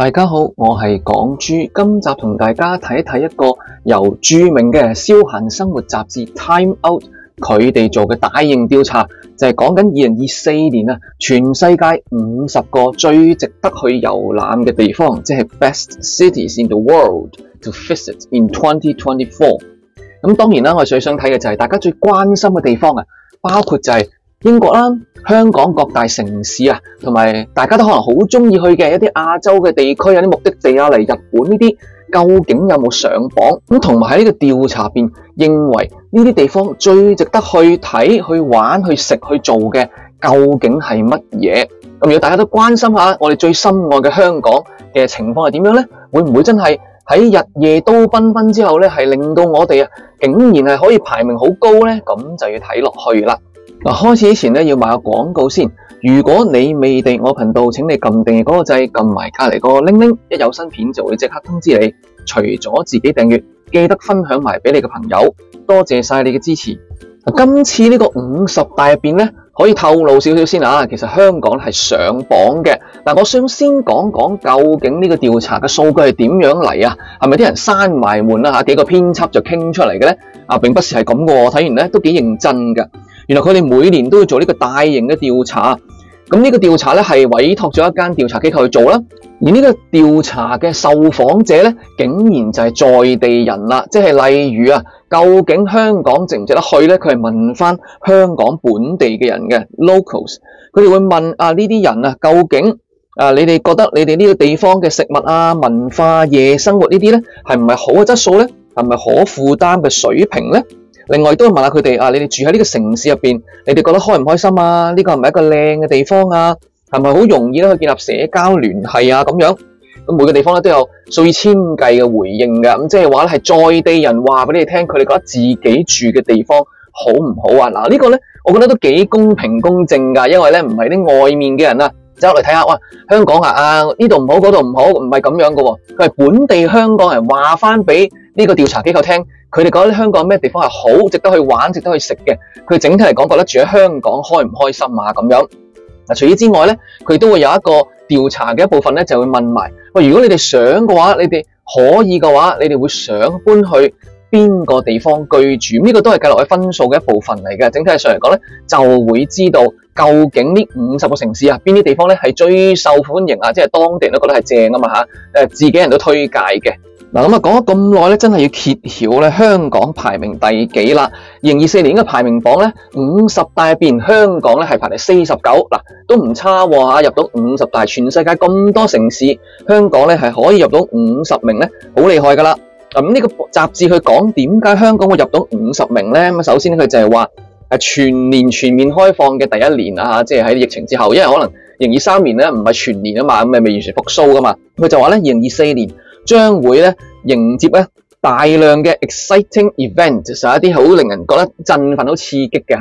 大家好，我係港豬，今集同大家睇一睇一個由著名嘅消閒生活雜誌《Time Out》，佢哋做嘅大型調查，就係講緊二零二四年啊，全世界五十個最值得去遊覽嘅地方，即係 Best Cities in the World to Visit in 2024。咁當然啦，我最想睇嘅就係大家最關心嘅地方啊，包括就係……英國啦，香港各大城市啊，同埋大家都可能好中意去嘅一啲亞洲嘅地區，有啲目的地啊，嚟日本呢啲，究竟有冇上榜？咁同埋喺呢個調查邊認為呢啲地方最值得去睇、去玩、去食、去做嘅，究竟係乜嘢？咁如果大家都關心下我哋最深愛嘅香港嘅情況係點樣呢？會唔會真係喺日夜都繽紛之後呢，係令到我哋啊竟然係可以排名好高呢？咁就要睇落去啦。嗱，開始以前咧，要賣下廣告先。如果你未訂我頻道，請你撳訂閱嗰個掣，撳埋隔籬嗰個鈴鈴，一有新片就會即刻通知你。除咗自己訂閱，記得分享埋俾你嘅朋友。多謝晒你嘅支持。今次這個50呢個五十大入面咧，可以透露少少先啊。其實香港係上榜嘅。嗱，但我想先講講究竟呢個調查嘅數據係點樣嚟啊？係咪啲人閂埋門啊？吓幾個編輯就傾出嚟嘅咧？啊，並不是係咁噶。我睇完呢都幾認真噶。原來佢哋每年都要做呢個大型嘅調查，咁呢個調查呢，係委託咗一間調查機構去做啦，而呢個調查嘅受訪者呢，竟然就係在地人啦，即係例如啊，究竟香港值唔值得去呢？佢係問返香港本地嘅人嘅 locals，佢哋會問啊呢啲人啊，究竟啊你哋覺得你哋呢個地方嘅食物啊、文化、夜生活呢啲呢，係唔係好嘅質素呢？係咪可負擔嘅水平呢？」另外都問下佢哋啊，你哋住喺呢個城市入面，你哋覺得開唔開心啊？呢、這個係咪一個靚嘅地方啊？係咪好容易咧去建立社交聯繫啊？咁樣每個地方咧都有數以千計嘅回應㗎。咁即係話咧係在地人話俾你聽，佢哋覺得自己住嘅地方好唔好啊？嗱、這、呢個呢，我覺得都幾公平公正㗎，因為咧唔係啲外面嘅人啊，走嚟睇下哇，香港啊，呢度唔好嗰度唔好，唔係咁樣㗎喎、哦，佢係本地香港人話返俾。呢個調查機構聽佢哋覺得香港咩地方係好值得去玩、值得去食嘅，佢整體嚟講覺得住喺香港開唔開心啊咁樣。嗱，除此之外咧，佢都會有一個調查嘅一部分咧，就會問埋喂，如果你哋想嘅話，你哋可以嘅話，你哋會想搬去邊個地方居住？呢個都係計落去分數嘅一部分嚟嘅。整體上嚟講咧，就會知道究竟呢五十個城市啊，邊啲地方咧係最受歡迎啊，即係當地人都覺得係正啊嘛嚇，誒自己人都推介嘅。嗱，咁講咗咁耐咧，真係要揭曉香港排名第幾啦？二零二四年嘅排名榜呢，五十大變，香港呢係排第四十九，都唔差喎，入到五十大，全世界咁多城市，香港呢係可以入到五十名呢，好厲害㗎啦。咁、這、呢個雜誌佢講點解香港會入到五十名呢？首先佢就係話全年全面開放嘅第一年啊，即係喺疫情之後，因為可能二零二三年呢唔係全年啊嘛，咁未完全復甦噶嘛，佢就話呢，二零二四年。將會咧迎接咧大量嘅 exciting e v e n t 就係一啲好令人覺得振奮、好刺激嘅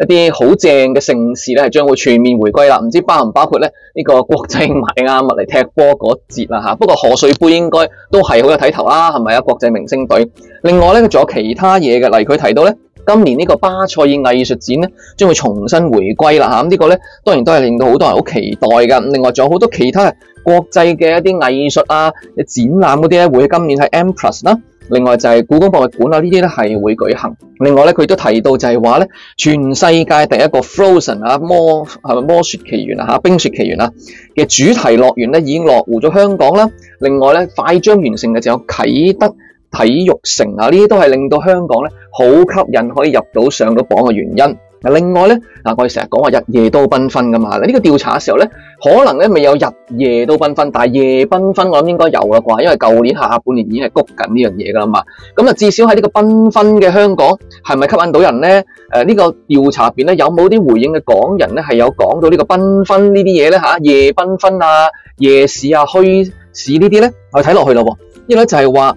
一啲好正嘅盛事咧係將會全面回歸啦。唔知包唔包括咧呢個國際米亞物嚟踢波嗰節啊，不過荷穗杯應該都係好有睇頭啦，係咪啊？國際明星隊。另外咧仲有其他嘢嘅，例如佢提到咧今年呢個巴賽爾藝術展咧將會重新回歸啦，咁呢個呢，當然都係令到好多人好期待㗎。另外仲有好多其他。國際嘅一啲藝術啊、展覽嗰啲咧，會今年喺 M+ 啦。另外就係故宮博物館啊，呢啲咧係會舉行。另外呢，佢都提到就係話呢，全世界第一個 Frozen 啊，魔係咪魔雪奇緣啊，冰雪奇緣啊嘅主題樂園呢已經落戶咗香港啦。另外呢，快將完成嘅就有啟德體育城啊，呢啲都係令到香港呢好吸引，可以入到上個榜嘅原因。另外呢，啊，我哋成日講話日夜都繽紛㗎嘛，呢、這個調查嘅時候呢。可能咧未有日夜都繽紛，但係夜繽紛我諗應該有啦啩，因為舊年下半年已經係谷緊呢樣嘢㗎啦嘛。咁啊，至少喺呢個繽紛嘅香港，係咪吸引到人呢？呢、呃這個調查面呢，有冇啲回應嘅港人呢？係有講到呢個繽紛呢啲嘢呢？吓、啊，夜繽紛啊，夜市啊，墟市呢啲呢，我睇落去咯。一嚟就係話。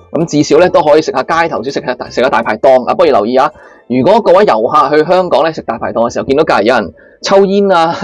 咁至少呢都可以食下街頭吃，煮食下大食下大排檔。啊，不如留意啊！如果各位遊客去香港呢食大排檔嘅時候，見到隔離有人抽煙啊，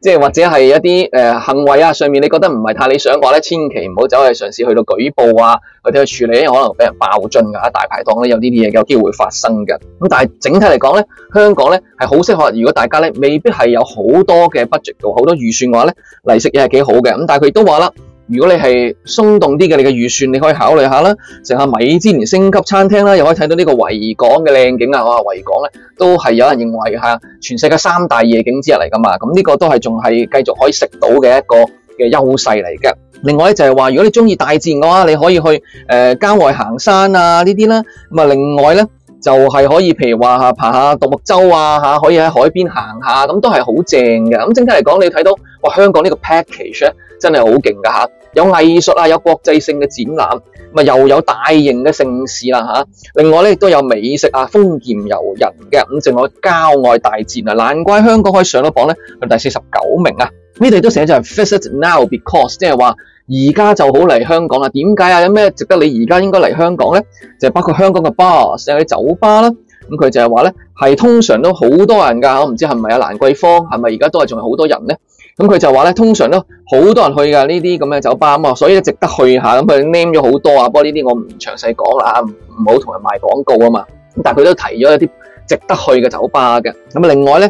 即係或者係一啲、呃、行為啊上面，你覺得唔係太理想嘅話，千祈唔好走去嘗試去到舉報啊，或者去處理，因為可能俾人爆樽啊，大排檔呢有呢啲嘢有機會發生嘅。咁但係整體嚟講呢香港呢係好適合，如果大家呢未必係有好多嘅 budget 度，好多預算嘅話呢嚟食嘢係幾好嘅。咁但係佢亦都話啦。如果你係鬆動啲嘅，你嘅預算你可以考慮下啦，食下米芝蓮星級餐廳啦，又可以睇到呢個維港嘅靚景啊！我話維港呢都係有人認為係全世界三大夜景之一嚟㗎嘛，咁、這、呢個都係仲係繼續可以食到嘅一個嘅優勢嚟嘅。另外呢就係話，如果你中意大自然嘅話，你可以去呃郊外行山啊呢啲啦。咁啊，另外呢就係、是、可以譬如話爬下獨木舟啊，可以喺海邊行下，咁都係好正嘅。咁整體嚟講，你睇到哇，香港呢個 package 真係好勁噶嚇！有藝術啊，有國際性嘅展覽，咁啊又有大型嘅盛事啦、啊、嚇。另外呢，亦都有美食啊，豐儉由人嘅，咁，仲有郊外大戰啊，難怪香港可以上到榜咧，第四十九名啊。呢度都寫住、就是、Visit now because，即係話而家就好、是、嚟香港啦。點解啊？有咩值得你而家應該嚟香港呢？就係、是、包括香港嘅 bars，有酒吧啦、啊。咁、嗯、佢就係話呢，係通常都好多人㗎，我唔知係唔係有蘭桂坊，係咪而家都係仲係好多人呢？咁佢就話呢，通常咧好多人去㗎呢啲咁嘅酒吧嘛，所以值得去一下。咁佢 name 咗好多啊，不過呢啲我唔詳細講啦，唔好同人賣廣告啊嘛。但佢都提咗一啲值得去嘅酒吧嘅。咁另外呢，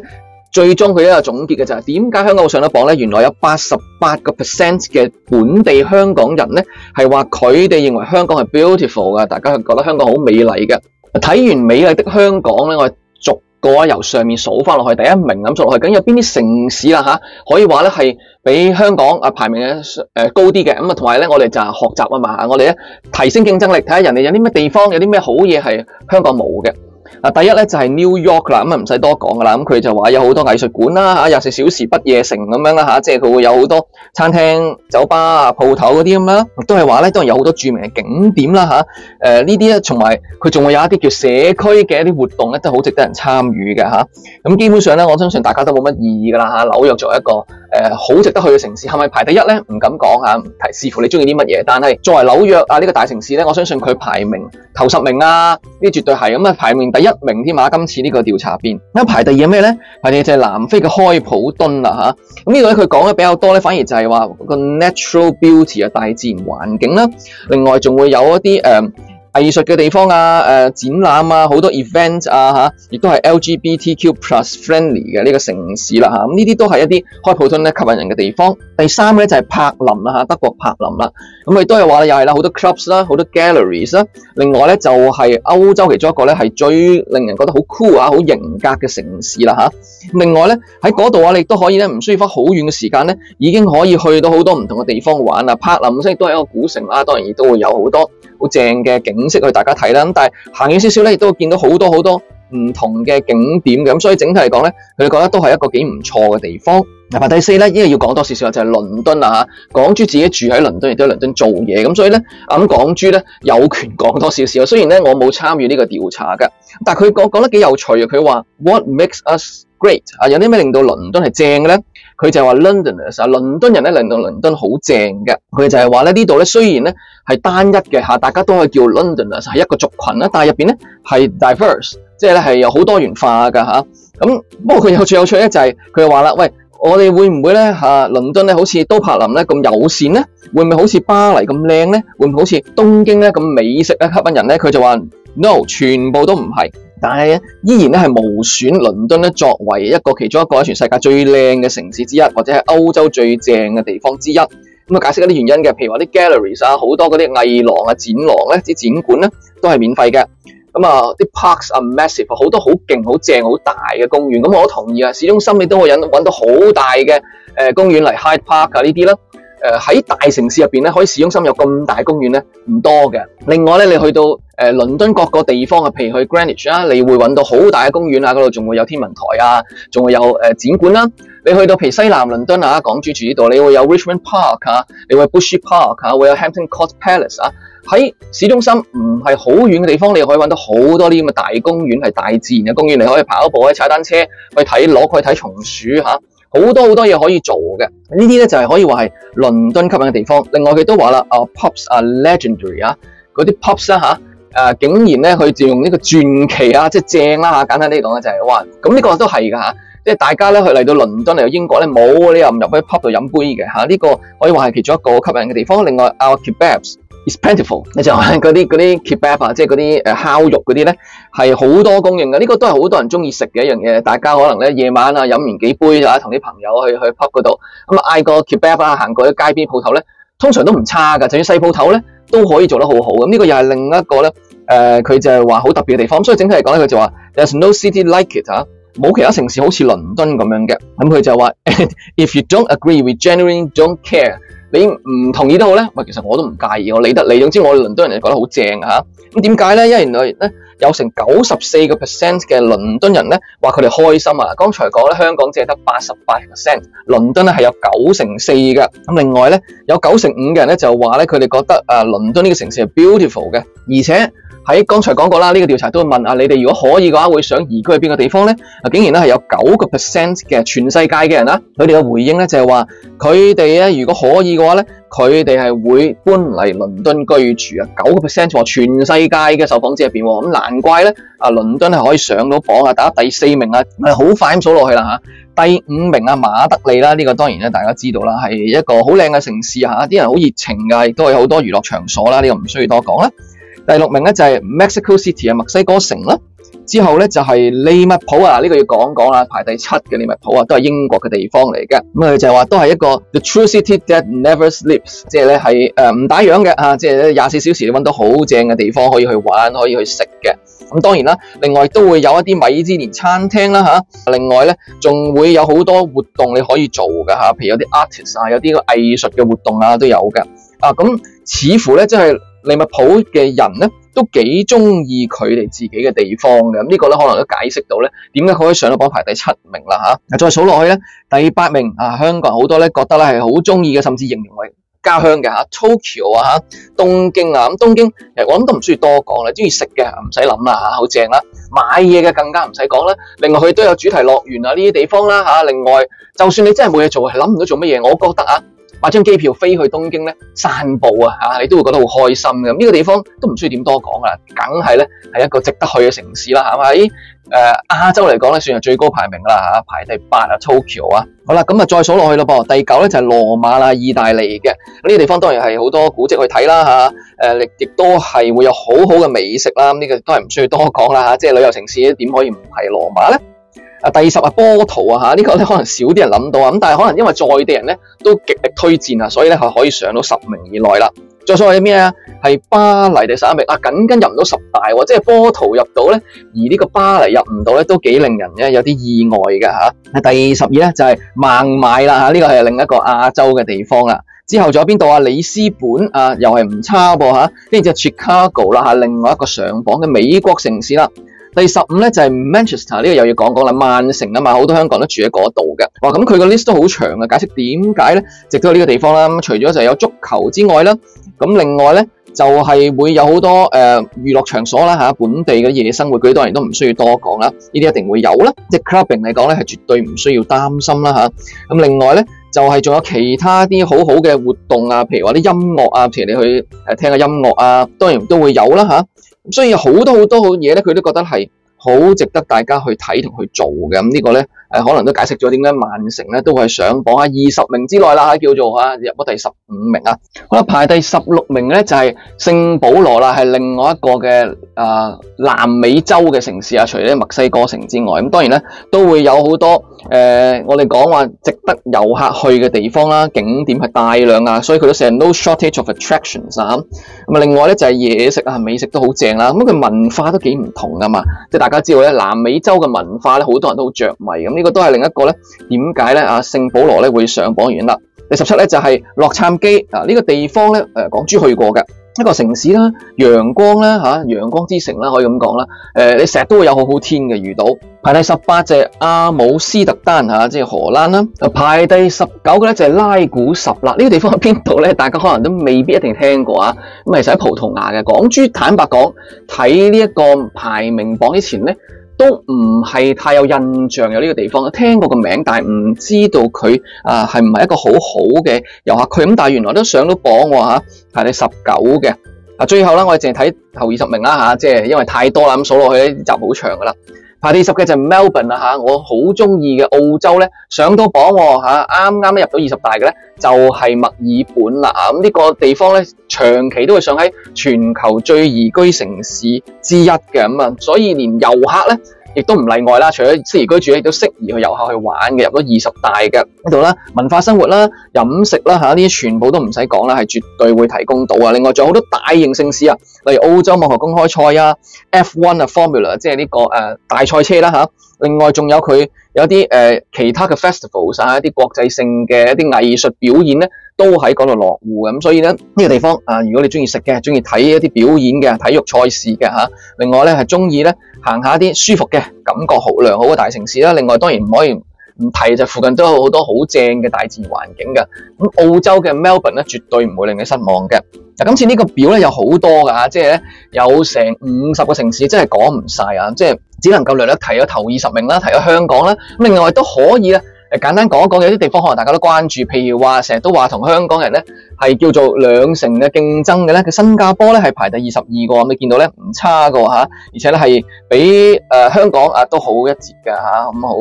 最終佢一個總結嘅就係點解香港上到榜呢？原來有八十八個 percent 嘅本地香港人呢，係話佢哋認為香港係 beautiful 㗎。大家係覺得香港好美麗嘅。睇完美麗的香港呢。我。個由上面數返落去，第一名咁數落去，咁有邊啲城市啦，可以話咧係比香港啊排名高啲嘅，咁啊同埋咧，我哋就係學習啊嘛，我哋咧提升競爭力，睇下人哋有啲咩地方，有啲咩好嘢係香港冇嘅。第一呢就係 New York 啦，咁啊唔使多講㗎啦，咁佢就話有好多藝術館啦嚇，二十四小時不夜城咁樣啦嚇、啊，即係佢會有好多餐廳、酒吧、鋪頭嗰啲咁啦，都係話呢都係有好多著名嘅景點啦嚇，呢啲啊，同埋佢仲會有一啲叫社區嘅一啲活動咧，都好值得人參與嘅嚇，咁、啊、基本上呢，我相信大家都冇乜異議噶啦嚇，紐約作為一個誒、呃，好值得去嘅城市係咪排第一呢？唔敢講吓，視乎你中意啲乜嘢。但係作為紐約啊呢、呢個大城市呢，我相信佢排名頭十名啊，呢絕對係咁啊，排名第一名添啊。今次呢個調查邊，咁排第二咩呢？排第二就係南非嘅開普敦啦吓。咁呢度呢，佢講得比較多咧，反而就係話個 natural beauty 啊，大自然環境啦，另外仲會有一啲誒。呃藝術嘅地方啊、呃，展覽啊，好多 event 啊亦都係 LGBTQ+ friendly 嘅呢個城市啦。咁呢啲都係一啲開普敦咧吸引人嘅地方。第三個就係、是、柏林啦吓、啊，德國柏林啦。咁佢都係話又係啦，好多 clubs 啦，好多 galleries 啦、啊。另外呢，就係、是、歐洲其中一個呢，係最令人覺得好 cool 啊、好型格嘅城市啦、啊啊、另外呢，喺嗰度啊，你都可以呢，唔需要花好遠嘅時間呢，已經可以去到好多唔同嘅地方玩啦。柏林以都係一個古城啦、啊，當然亦都會有好多。好正嘅景色去大家睇啦，咁但係行遠少少咧，亦都見到好多好多唔同嘅景點嘅，咁所以整體嚟講咧，佢哋覺得都係一個幾唔錯嘅地方。嗱，第四咧，依個要講多少少就係、是、倫敦啦嚇。港豬自己住喺倫敦，亦都喺倫敦做嘢，咁所以咧，咁、嗯、港豬咧有權講多少少。雖然咧我冇參與呢個調查噶，但佢講得幾有趣啊。佢話 What makes us Great 啊，有啲咩令到倫敦係正嘅呢？佢就話 Londoners 啊，倫敦人呢令到倫敦好正嘅。佢就係話咧，呢度呢，雖然呢係單一嘅，大家都係叫 Londoners 係一個族群，但係入面呢係 diverse，即係有好多元化㗎。咁不過佢有趣有趣呢、就係，佢就係佢就話啦，喂，我哋會唔會呢，嚇倫敦咧好似都柏林呢咁友善呢？會唔會好似巴黎咁靚呢？會唔會好似東京呢咁美食吸引人咧？佢就話 no，全部都唔係。但係依然係無選倫敦作為一個其中一個全世界最靚嘅城市之一，或者係歐洲最正嘅地方之一。解釋一啲原因嘅，譬如話啲 galleries 好多嗰啲藝廊啊、展廊啲展館都係免費嘅。咁啊，啲 parks 啊，massive 好多好勁、好正、好大嘅公園。咁我都同意啊，市中心裏都可以搵到好大嘅公園嚟 Hyde Park 啊呢啲啦。呃喺大城市入面，可以市中心有咁大公園呢？唔多嘅。另外呢，你去到呃倫敦各個地方嘅，譬如去 Greenwich 啊，你會搵到好大嘅公園啊，嗰度仲會有天文台啊，仲會有展館啦。你去到譬如西南倫敦啊，港珠住呢度，你會有 Richmond Park 啊，你會 Bushy Park 啊，會有 Hampton Court Palace 啊。喺市中心唔係好遠嘅地方，你可以搵到好多啲咁嘅大公園，係大自然嘅公園，你可以跑步，可以踩單車，去睇攞佢睇松鼠吓。好多好多嘢可以做嘅，呢啲呢就係、是、可以話係倫敦吸引嘅地方。另外佢都話啦，啊 pubs are legendary pubs, 啊，嗰啲 pubs 啊，竟然咧佢用呢個傳奇啊，即係正啦、啊、吓。簡單啲講咧就係、是、哇，咁呢個都係㗎。即、啊、係大家呢去嚟到倫敦嚟到英國呢，冇理由唔入去 pub 度飲杯嘅吓。呢、啊這個可以話係其中一個吸引嘅地方。另外啊 kebabs。Kibabs, It's plentiful，你就係嗰啲嗰啲 kebab 啊，即係嗰啲烤肉嗰啲咧，係好多供應嘅。呢、這個都係好多人中意食嘅一樣嘢。大家可能咧夜晚啊飲完幾杯就啊，同啲朋友去去 pub 嗰度，咁啊嗌個 kebab 啊，行過啲街邊鋪頭咧，通常都唔差㗎。就算細鋪頭咧都可以做得好好。咁、嗯、呢、這個又係另一個咧誒，佢、呃、就係話好特別嘅地方。所以整體嚟講咧，佢就話 there's no city like it 啊，冇其他城市好似倫敦咁樣嘅。咁、嗯、佢就話 if you don't agree, we genuinely don't care。你唔同意都好咧，唔係，其實我都唔介意，我理得你。總之我哋倫敦人就覺得好正嚇。咁點解呢？因為原來有成九十四個 percent 嘅倫敦人呢話佢哋開心啊。剛才講咧香港只係得八十八 percent，倫敦咧係有九成四嘅。咁另外咧有九成五嘅人咧就話咧佢哋覺得啊倫敦呢個城市係 beautiful 嘅，而且。喺剛才講過啦，呢個調查都會問啊，你哋如果可以嘅話，會想移居去邊個地方呢？啊，竟然咧係有九個 percent 嘅全世界嘅人啊，佢哋嘅回應呢，就係話，佢哋如果可以嘅話呢，佢哋係會搬嚟倫敦居住啊。九個 percent 喎，全世界嘅受訪者入邊喎，咁難怪呢，啊，倫敦係可以上到榜啊，大家第四名啊，好快咁數落去啦嚇，第五名啊馬德里啦，呢個當然大家知道啦，係一個好靚嘅城市啊。啲人好熱情嘅，亦都有好多娛樂場所啦，呢個唔需要多講啦。第六名呢就係 Mexico City 啊，墨西哥城啦，之後呢就係利物浦啊，呢個要講講啦，排第七嘅利物浦啊，都係英國嘅地方嚟嘅。咁啊就係話都係一個 the true city that never sleeps，即係呢係誒唔打烊嘅吓，即係廿四小時你搵到好正嘅地方可以去玩，可以去食嘅。咁當然啦，另外都會有一啲米芝蓮餐廳啦吓，另外呢仲會有好多活動你可以做嘅吓，譬如有啲 artist 啊，有啲個藝術嘅活動啊都有嘅。啊咁，似乎呢，即係。利物浦嘅人呢都幾鍾意佢哋自己嘅地方嘅，咁呢個呢，可能都解釋到呢點解佢可以上到榜排第七名啦嚇。再數落去呢，第八名啊，香港好多呢，覺得呢係好鍾意嘅，甚至形容為家鄉嘅嚇，Tokyo 啊嚇，東京啊。咁東京啊、東京啊，我諗都唔需要多講啦，鍾意食嘅唔使諗啦，好正啦。買嘢嘅更加唔使講啦。另外佢都有主題樂園啊呢啲地方啦嚇，啊。另外就算你真係冇嘢做啊，諗唔到做乜嘢，我覺得啊。買張機票飛去東京呢散步啊，你都會覺得好開心嘅呢、這個地方都唔需要點多講噶啦梗係呢係一個值得去嘅城市啦，係、啊、咪？誒、啊，亞洲嚟講算是最高排名啦、啊，排第八啊，Tokyo 啊，Tokyo 好啦，咁啊再數落去咯噃，第九呢就是羅馬啦，意大利嘅。呢、這個地方當然係好多古蹟去睇啦，吓、啊，誒亦都係會有很好好嘅美食啦。呢、這個都係唔需要多講啦、啊，即係旅遊城市點可以唔係羅馬呢？啊，第十啊，波圖啊，嚇、這、呢個咧可能少啲人諗到啊，咁但係可能因為在地人呢都極力推薦啊，所以呢，係可以上到十名以內啦。再所謂咩啊？係巴黎第十一名啊，僅僅入唔到十大喎，即係波圖入到呢，而呢個巴黎入唔到呢，都幾令人咧有啲意外嘅嚇。啊，第十二咧就係孟買啦嚇，呢、這個係另一個亞洲嘅地方啦。之後仲有邊度啊？里斯本啊，又係唔差噃嚇。跟住就芝加哥啦嚇，另外一個上榜嘅美國城市啦。第十五呢，就係、是、Manchester 呢個又要講講啦，曼城啊嘛，好多香港都住喺嗰度嘅。哇、哦，咁佢個 list 都好長嘅，解釋點解呢？值得到呢個地方啦。咁、嗯、除咗就有足球之外啦。咁、嗯、另外咧就係、是、會有好多誒、呃、娛樂場所啦嚇、啊，本地嘅夜生活，居多人都唔需要多講啦，呢啲一定會有啦。即係 clubbing 嚟講咧，係絕對唔需要擔心啦嚇。咁、啊嗯、另外咧就係、是、仲有其他啲好好嘅活動啊，譬如話啲音樂啊，譬如你去誒聽下音樂啊，當然都會有啦嚇。啊所以好多好多嘢咧，佢都覺得係好值得大家去睇同去做嘅，咁呢個咧，誒、啊、可能都解釋咗點解曼城咧都會上榜喺二十名之內啦，叫做嚇入咗第十五名啊。好啦，排第十六名嘅咧就係聖保羅啦，係另外一個嘅誒、啊、南美洲嘅城市啊，除咗墨西哥城之外，咁當然咧都會有好多誒、呃，我哋講話值得遊客去嘅地方啦，景點係大量啊，所以佢都成日 no shortage of attractions 啊。咁啊，另外咧就係、是、嘢食啊，美食都好正啦。咁佢文化都幾唔同噶嘛，即係大。大家知道南美洲嘅文化咧，好多人都好着迷。咁呢個都係另一個咧，點解咧聖保羅咧會上榜完啦。第十七咧就係洛杉磯啊，呢、這個地方咧誒，港豬去過嘅。一個城市啦，陽光啦吓，陽光之城啦，可以咁講啦。誒、呃，你成日都會有好好天嘅遇到。排第十八隻阿姆斯特丹吓，即係荷蘭啦。排第十九個咧就係拉古十啦，呢、這個地方喺邊度咧？大家可能都未必一定聽過啊。咁啊，其實喺葡萄牙嘅。港珠坦白講，睇呢一個排名榜之前咧。都唔係太有印象有呢個地方，聽過個名，但係唔知道佢啊係唔係一個好好嘅遊客區咁。但係原來都上到榜喎嚇，排第十九嘅。最後呢，我哋淨係睇頭二十名啦嚇，即係因為太多啦，咁數落去呢集好長㗎啦。排第二十嘅就 Melbourne 啦嚇，我好鍾意嘅澳洲呢，上到榜喎嚇，啱啱入到二十大嘅呢。就係、是、墨爾本啦，咁呢個地方呢，長期都會上喺全球最宜居城市之一嘅，咁所以連遊客呢亦都唔例外啦。除咗適宜居住，亦都適宜去遊客去玩嘅，入到二十大嘅嗰度啦，文化生活啦、飲食啦，呢啲全部都唔使講啦，係絕對會提供到嘅。另外仲有好多大型盛事啊，例如澳洲網球公開賽呀、F1 的 Formula 即係呢個、呃、大賽車啦哈另外仲有佢有啲誒其他嘅 festivals 啊，一啲國際性嘅一啲藝術表演咧，都喺嗰度落戶咁，所以咧呢、呢個地方啊，如果你中意食嘅，中意睇一啲表演嘅，體育賽事嘅、啊、另外咧係中意咧行下啲舒服嘅感覺好良好嘅大城市啦，另外當然唔可以。唔提就附近都有好多好正嘅大自然環境㗎。咁澳洲嘅 Melbourne 咧絕對唔會令你失望嘅嗱，今次呢個表呢，有好多㗎啊，即係咧有成五十個城市，真係講唔晒啊，即係只能夠略略提咗頭二十名啦，提咗香港啦，另外都可以咧。誒簡單講一講嘅，有啲地方可能大家都關注，譬如話成日都話同香港人呢係叫做兩城嘅競爭嘅，呢新加坡呢係排第二十二個咁，你見到呢唔差嘅，而且呢係比誒香港啊都好一截㗎。咁好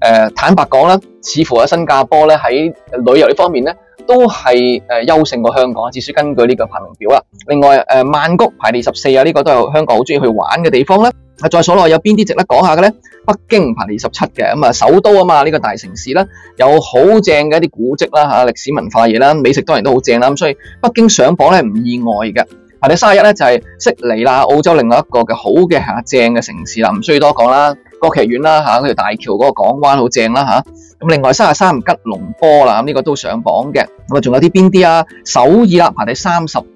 誒坦白講啦，似乎喺新加坡咧喺旅遊呢方面呢都係誒優勝過香港，至少根據呢個排名表啦。另外，曼谷排第十四啊，呢個都有香港好中意去玩嘅地方咧。在所內有邊啲值得講下嘅咧？北京排二十七嘅，咁、嗯、啊首都啊嘛，呢、這個大城市啦，有好正嘅一啲古蹟啦，嚇、啊、歷史文化嘢啦，美食當然都好正啦，咁所以北京上榜係唔意外嘅。排第三十一咧就係悉尼啦，澳洲另外一個嘅好嘅嚇正嘅城市啦，唔需要多講啦。國劇院啦，吓，嗰條大橋嗰個港灣好正啦，吓咁。另外三十三吉隆坡啦，咁、這、呢個都上榜嘅。咁啊，仲有啲邊啲啊？首爾啦，排第三十五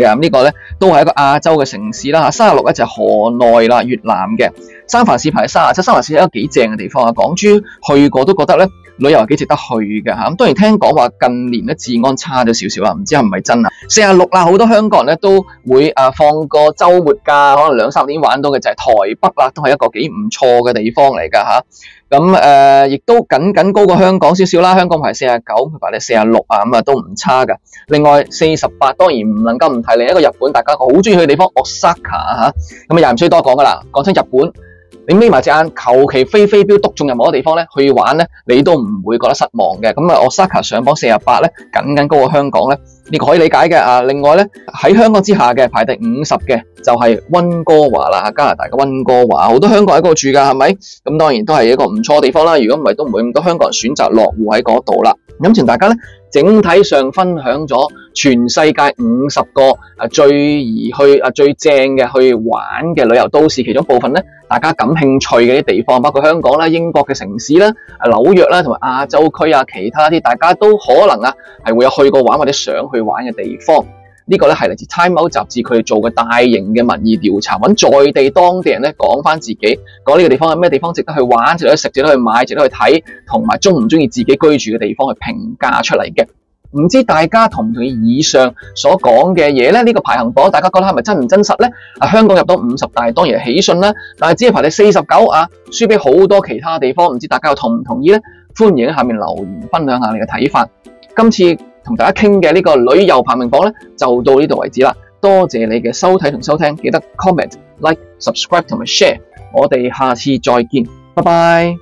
嘅，呢個呢，都係一個亞洲嘅城市啦。三十六就係河內啦，越南嘅。三藩市排三十七，三藩市係一個幾正嘅地方啊！港豬去過都覺得旅遊係幾值得去嘅嚇。當然聽講話近年嘅治安差咗少少啊。唔知係唔係真啊？四十六啦，好多香港人都會放個週末假，可能兩三天玩到嘅就係、是、台北啦，都係一個幾唔錯嘅地方嚟㗎嚇。咁亦都僅僅高過香港少少啦，香港排四十九，佢排你四十六啊，咁啊都唔差㗎。另外四十八當然唔能夠唔提另一個日本，大家好中意去嘅地方 Osaka 嚇，咁啊又唔需要多講㗎啦，講親日本。你眯埋隻眼，求其飛飛鏢篤中任何個地方咧去玩咧，你都唔會覺得失望嘅。咁啊 Osaka 上榜四十八咧，僅僅高過香港咧，你、這個、可以理解嘅啊。另外咧，喺香港之下嘅排第五十嘅就係、是、溫哥華啦，加拿大嘅溫哥華，好多香港人喺嗰度住噶，係咪？咁當然都係一個唔錯嘅地方啦。如果唔係，都唔會咁多香港人選擇落戶喺嗰度啦。咁同大家咧，整體上分享咗。全世界五十個啊，最宜去啊，最正嘅去玩嘅旅遊都市，其中部分呢，大家感興趣嘅地方，包括香港啦、英國嘅城市啦、紐約啦，同埋亞洲區啊，其他啲大家都可能啊，係會有去過玩或者想去玩嘅地方。呢個呢係嚟自《Time Out》雜誌佢哋做嘅大型嘅民意調查，揾在地當地人呢講返自己，講呢個地方有咩地方值得去玩，值得去食，值得去買，值得去睇，同埋鍾唔鍾意自己居住嘅地方去評價出嚟嘅。唔知大家同唔同意以上所講嘅嘢呢？呢個排行榜大家覺得係咪真唔真實呢？啊，香港入到五十大當然喜訊啦，但係只係排第四十九啊，輸俾好多其他地方。唔知大家同唔同意呢？歡迎下面留言分享下你嘅睇法。今次同大家傾嘅呢個旅遊排名榜呢，就到呢度為止啦。多謝你嘅收睇同收聽，記得 comment、like、subscribe 同埋 share。我哋下次再見，拜拜。